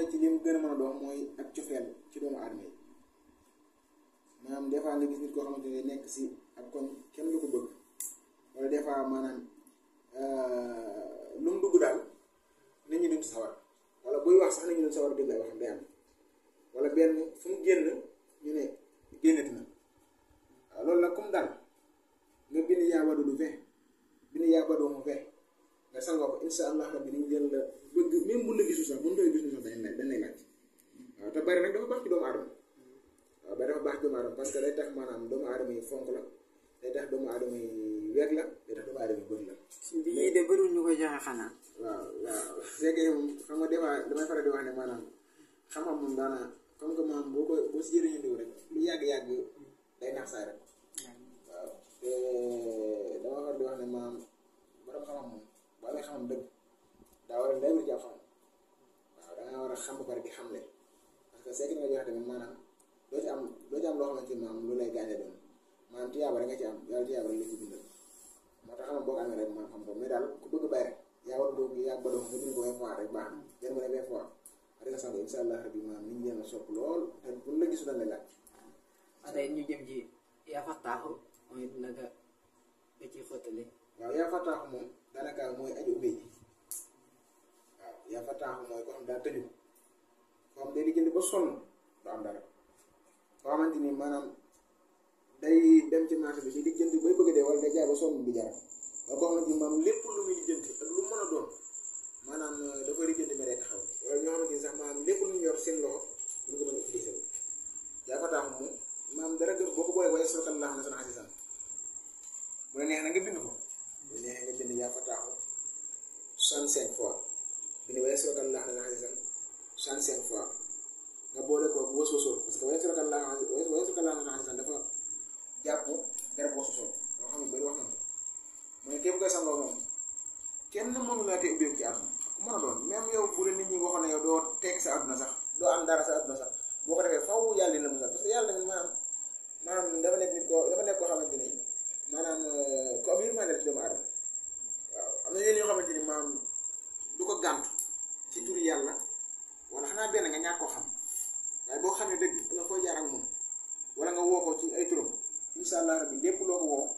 na ci lim gën a mën a doon mooy ak cofeel ci doomu aadama yi maanaam des fois nga gis koo xamante ne nekk si ak kon kenn yu ko bëgg wala des fois maanaam euh, lu mu dugg daal nit ñu duñ sawar wala buy wax sax nit ñi duñ sawar dégg lay wax day am wala benn fu mu génn ñu ne génnati na te sangoo ko incha allah rabbi dañu leen la bëgg la gisu sax mun koy sax dañ lay doomu aadama parce que day tax maanaam yi de bëriwul ñu ne maanaam xam-xam boo ko boo si jëriñoo rek lu yàgg-yàgg day nax saa rek. xam day mën a jàpp xam waaw da ngaa war a xam ba pare di xam le parce que secret nga joxe tamit maanaam doo ci am doo ci am loo xamante ni maanaam lu lay gaañe doon maanaam tiyaaba rek nga ci am yàlla tiyaaba la ci bindal moo tax boo ko amee rek maanaam xam ko mais daal ku bëgg bay rek yaa war a yaa ba nga bind ko rek baax na sax allah rabbi maanaam nit ñi leen a sopp lool te buñ la gisu la laaj atay ñu jëm ji yaa fa taaxu mooy naka nga ciy xóotale waaw yaa fa moom mooy aju ji yaa fa taaxu mooy ko xam daa tëju ko xam day lijjanti ba sonn du am dara koo xamante day dem ci marché bi di lijjanti bay bëgg dee wala day jaay ba sonn bi jara waaye koo xamante ni maanaam lépp lu a doon maanaam euh, dafa lijjanti mais day taxaw wala ñoo lépp lu ñu yor seen loxo a utiliser wu yaa dara gën boo ko boolee waaye sokal laa xam ne sana asisan bu la neexee na nga bind ko bu la nga bind yaa fa taaxu soixante-cinq fois mu ne wa yasalukallaahu boole ko wasoosoor parce que wa yasalukallaahu wa yasalukallaahu azizan dafa jàpp garab wasoosoor loo xam ne bëri wax mu ne képp koy moom kenn mënu laa tee ubbeeku ci àdduna a doon même yow bu la nit yow doo tekki sa àdduna sax doo am dara sa boo ko defee faw yàlla dina la musal parce que yàlla tamit dafa nekk ko dafa nekk koo xamante ni maanaam ko am yërmande la doomu aadama ñàkk ko xam waaye boo xamee dëgg nga ko jaar ak moom wala nga woo ko ay turam incha allah rabbi lépp loo ko woo